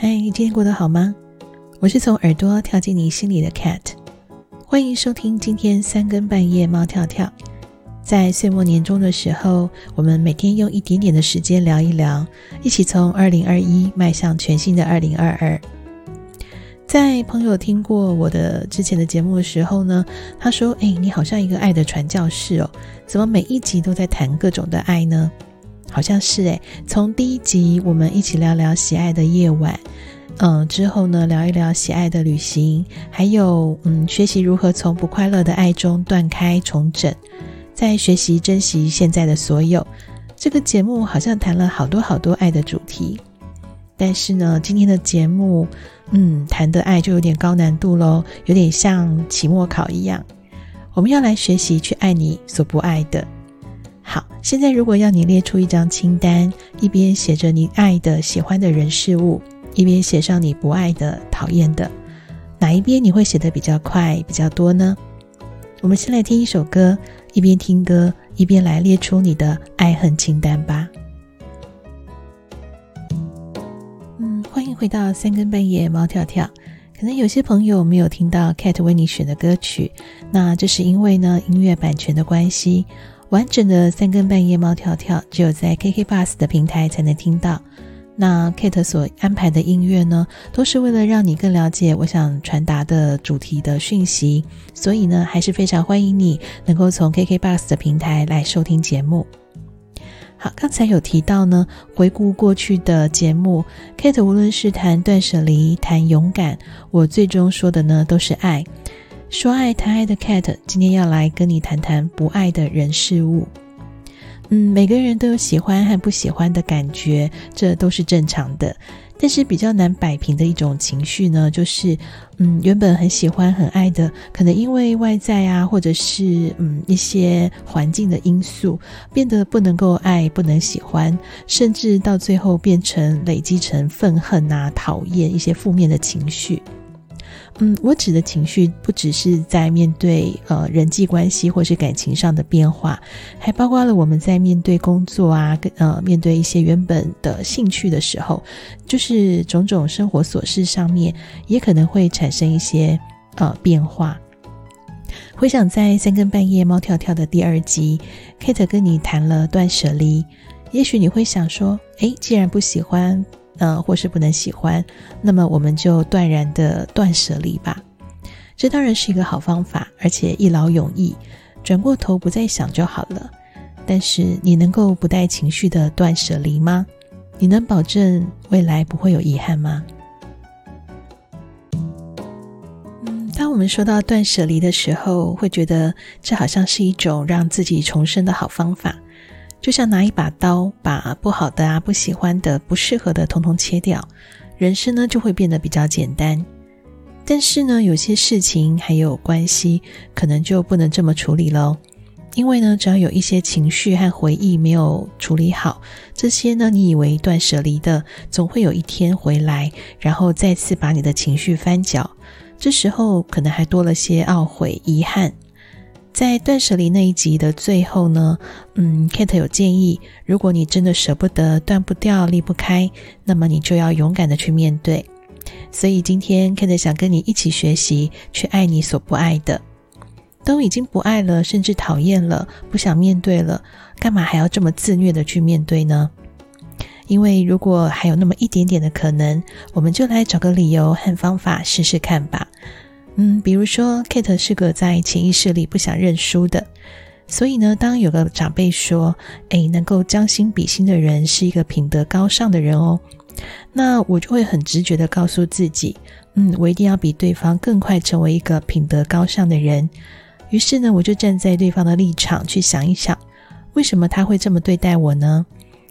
嗨，Hey，你今天過得好嗎？我是從耳朵跳進你心裡的 Kate，歡迎收聽今天三更半夜貓跳跳。在歲末年終的時候，我們每天用一點點的時間聊一聊，一起從二零二一邁向全新的二零二二。在朋友聽過我的之前的節目的時候呢，他說：“哎，你好像一個愛的傳教士哦，怎麼每一集都在談各種的愛呢？”好像是誒、欸，從第一集我們一起聊聊喜愛的夜晚，嗯，之後呢，聊一聊喜愛的旅行，還有嗯，學習如何從不快樂的愛中斷開重整，再學習珍惜現在的所有。這個節目好像談了好多好多愛的主題，但是呢，今天的節目，嗯，談的愛就有點高難度嘍，有點像期末考一樣，我們要來學習去愛你所不愛的。好，現在如果要你列出一張清單，一邊寫着你愛的、喜歡的人事物，一邊寫上你不愛的、討厭的，哪一邊你會寫得比較快、比較多呢？我們先來聽一首歌，一邊聽歌，一邊來列出你的愛恨清單吧。嗯，歡迎回到三更半夜，貓跳跳。可能有些朋友沒有聽到 Kate 為你選的歌曲，那這是因為呢，音樂版權的關係。完整的三更半夜貓跳跳，只有在 KKBOX 的平台才能聽到。那 Kate 所安排的音樂呢，都是為了讓你更了解我想傳達的主題的訊息。所以呢，還是非常歡迎你能夠從 KKBOX 的平台來收聽節目。好，剛才有提到呢，回顧過去的節目，Kate 無論是談斷舍離，談勇敢，我最終說的呢，都是愛。說愛談愛的 Kate，今天要來跟你談談不愛的人事物。嗯，每個人都有喜歡和不喜歡的感覺，這都是正常的。但是比較難擺平的一種情緒呢，就是嗯，原本很喜歡很愛的，可能因為外在啊，或者是嗯一些環境的因素，變得不能夠愛，不能喜歡，甚至到最後變成累積成憤恨啊、討厭一些負面的情緒。嗯，我指的情緒不只是在面對呃人際關係或是感情上的變化，還包括了我們在面對工作啊，跟呃面對一些原本的興趣的時候，就是種種生活瑣事上面也可能會產生一些呃變化。回想在三更半夜《貓跳跳》的第二集，Kate 跟你談了斷捨離，也許你會想說，誒，既然不喜歡。嗯、呃，或是不能喜歡，那麼我們就斷然的斷捨離吧。這當然是一個好方法，而且一勞永逸，轉過頭不再想就好了。但是，你能夠不帶情緒的斷捨離嗎？你能保證未來不會有遺憾嗎？嗯，當我們說到斷捨離的時候，會覺得這好像是一種讓自己重生的好方法。就像拿一把刀，把不好的啊、不喜歡的、不適合的，通通切掉，人生呢就會變得比較簡單。但是呢，有些事情還有關係，可能就不能這麼處理嘍、哦。因為呢，只要有一些情緒和回憶沒有處理好，這些呢，你以為斷捨離的，總會有一天回來，然後再次把你的情緒翻攪。這時候可能還多了些懊悔、遺憾。在斷捨離那一集的最後呢，嗯，Kate 有建議，如果你真的舍不得、斷不掉、離不開，那麼你就要勇敢的去面對。所以今天 Kate 想跟你一起學習，去愛你所不愛的。都已經不愛了，甚至討厭了，不想面對了，幹嘛還要這麼自虐的去面對呢？因為如果還有那麼一點點的可能，我們就來找個理由和方法試試看吧。嗯，比如說，Kate 是個在潛意識裡不想認輸的，所以呢，當有個長輩說，哎，能夠將心比心的人是一個品德高尚的人哦，那我就會很直覺的告訴自己，嗯，我一定要比對方更快成為一個品德高尚的人。於是呢，我就站在對方的立場去想一想，為什麼他會這麼對待我呢？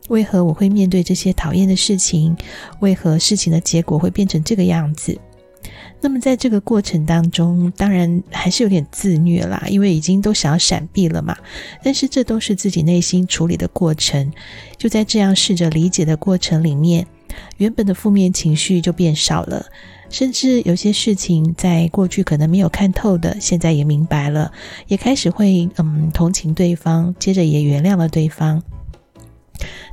為何我會面對這些討厭的事情？為何事情的結果會變成這個樣子？那麼，在這個過程當中，當然還是有點自虐啦，因為已經都想要閃避了嘛。但是，這都是自己內心處理的過程。就在這樣試着理解的過程裡面，原本的負面情緒就變少了，甚至有些事情在過去可能沒有看透的，現在也明白了，也開始會，嗯，同情對方，接着也原諒了對方。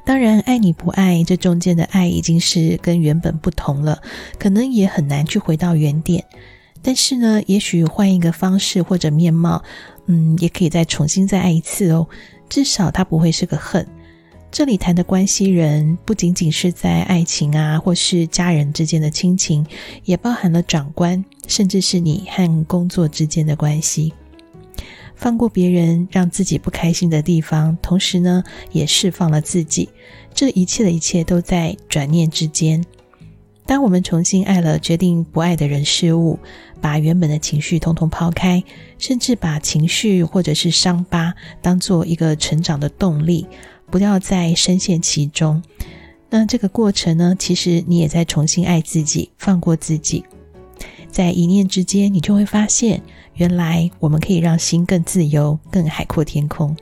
當然，愛你不愛，這中間的愛已經是跟原本不同了，可能也很難去回到原點。但是呢，也許換一個方式或者面貌，嗯，也可以再重新再愛一次哦。至少它不會是個恨。這裡談的關係人，不僅僅是在愛情啊，或是家人之間的親情，也包含了長官，甚至是你和工作之間的關係。放過別人，讓自己不開心的地方，同時呢，也釋放了自己。這一切的一切都在轉念之間。當我們重新愛了決定不愛的人事物，把原本的情緒統統拋開，甚至把情緒或者是傷疤當做一個成長的動力，不要再深陷其中。那這個過程呢，其實你也在重新愛自己，放過自己。在一念之間，你就會發現，原來我們可以讓心更自由、更海闊天空。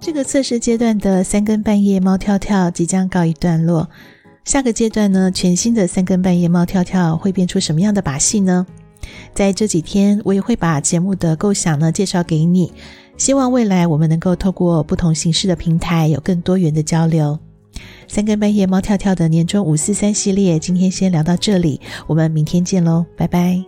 這個測試階段的三更半夜貓跳跳即將告一段落，下個階段呢，全新的三更半夜貓跳跳會變出什麼樣的把戲呢？在這幾天，我也會把節目的構想呢介紹給你，希望未來我們能夠透過不同形式的平台有更多元的交流。三更半夜，貓跳跳的年終五四三系列，今天先聊到這裡，我們明天見嘍，拜拜。